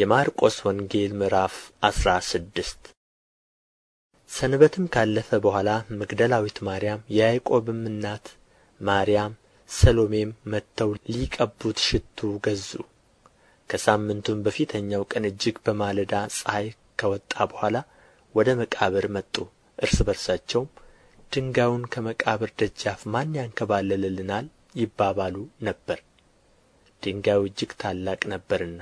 የማርቆስ ወንጌል ምዕራፍ 16 ሰንበትም ካለፈ በኋላ መግደላዊት ማርያም የያዕቆብም እናት ማርያም ሰሎሜም መጥተው ሊቀቡት ሽቱ ገዙ። ከሳምንቱም በፊተኛው ቀን እጅግ በማለዳ ፀሐይ ከወጣ በኋላ ወደ መቃብር መጡ። እርስ በርሳቸውም ድንጋዩን ከመቃብር ደጃፍ ማን ያንከባልልልናል ይባባሉ ነበር፣ ድንጋዩ እጅግ ታላቅ ነበርና።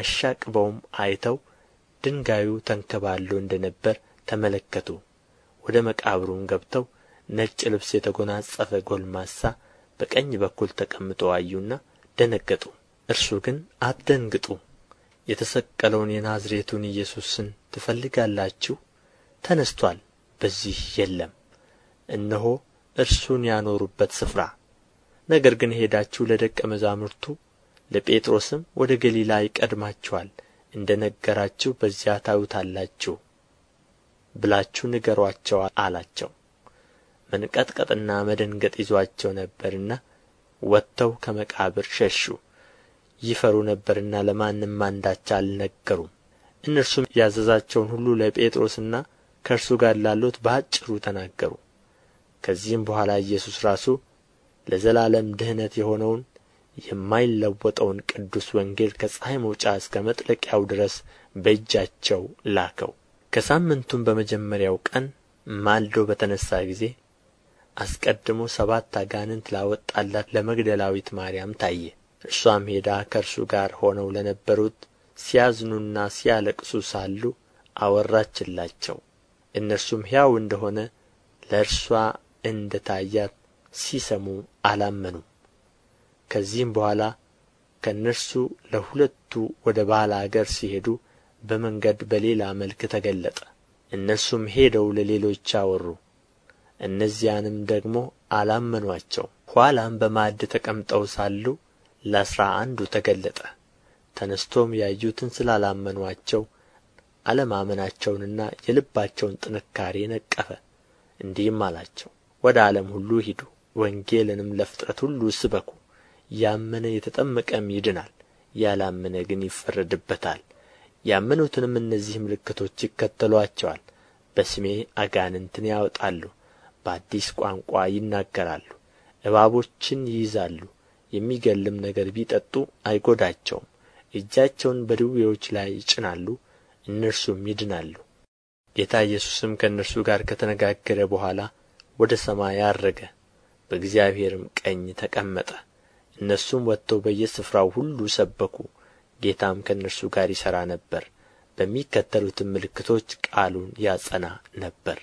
አሻቅበውም አይተው ድንጋዩ ተንከባሎ እንደ ነበር ተመለከቱ ወደ መቃብሩም ገብተው ነጭ ልብስ የተጎናጸፈ ጎልማሳ በቀኝ በኩል ተቀምጦ አዩና ደነገጡ። እርሱ ግን አትደንግጡ፣ የተሰቀለውን የናዝሬቱን ኢየሱስን ትፈልጋላችሁ? ተነስቶአል፣ በዚህ የለም። እነሆ እርሱን ያኖሩበት ስፍራ። ነገር ግን ሄዳችሁ ለደቀ መዛሙርቱ ለጴጥሮስም ወደ ገሊላ ይቀድማችኋል እንደ ነገራችሁ በዚያ ታዩታላችሁ ብላችሁ ንገሯቸው አላቸው መንቀጥቀጥና መደንገጥ ይዟቸው ነበርና ወጥተው ከመቃብር ሸሹ ይፈሩ ነበርና ለማንም አንዳች አልነገሩም እነርሱም ያዘዛቸውን ሁሉ ለጴጥሮስና ከእርሱ ጋር ላሉት በአጭሩ ተናገሩ ከዚህም በኋላ ኢየሱስ ራሱ ለዘላለም ድህነት የሆነውን የማይለወጠውን ቅዱስ ወንጌል ከፀሐይ መውጫ እስከ መጥለቂያው ድረስ በእጃቸው ላከው ከሳምንቱም በመጀመሪያው ቀን ማልዶ በተነሳ ጊዜ አስቀድሞ ሰባት አጋንንት ላወጣላት ለመግደላዊት ማርያም ታየ። እርሷም ሄዳ ከእርሱ ጋር ሆነው ለነበሩት ሲያዝኑና ሲያለቅሱ ሳሉ አወራችላቸው። እነርሱም ሕያው እንደሆነ ለእርሷ እንደ ታያት ሲሰሙ አላመኑም። ከዚህም በኋላ ከእነርሱ ለሁለቱ ወደ ባለ አገር ሲሄዱ በመንገድ በሌላ መልክ ተገለጠ እነርሱም ሄደው ለሌሎች አወሩ እነዚያንም ደግሞ አላመኗቸው ኋላም በማዕድ ተቀምጠው ሳሉ ለአሥራ አንዱ ተገለጠ ተነስቶም ያዩትን ስላላመኗቸው አለማመናቸውንና የልባቸውን ጥንካሬ ነቀፈ እንዲህም አላቸው ወደ ዓለም ሁሉ ሂዱ ወንጌልንም ለፍጥረት ሁሉ ስበኩ ያመነ የተጠመቀም ይድናል ያላመነ ግን ይፈረድበታል ያመኑትንም እነዚህ ምልክቶች ይከተሏቸዋል በስሜ አጋንንትን ያወጣሉ በአዲስ ቋንቋ ይናገራሉ እባቦችን ይይዛሉ የሚገልም ነገር ቢጠጡ አይጎዳቸውም እጃቸውን በድዌዎች ላይ ይጭናሉ እነርሱም ይድናሉ ጌታ ኢየሱስም ከእነርሱ ጋር ከተነጋገረ በኋላ ወደ ሰማይ አረገ፣ በእግዚአብሔርም ቀኝ ተቀመጠ እነርሱም ወጥተው በየስፍራው ሁሉ ሰበኩ ጌታም ከእነርሱ ጋር ይሠራ ነበር በሚከተሉትም ምልክቶች ቃሉን ያጸና ነበር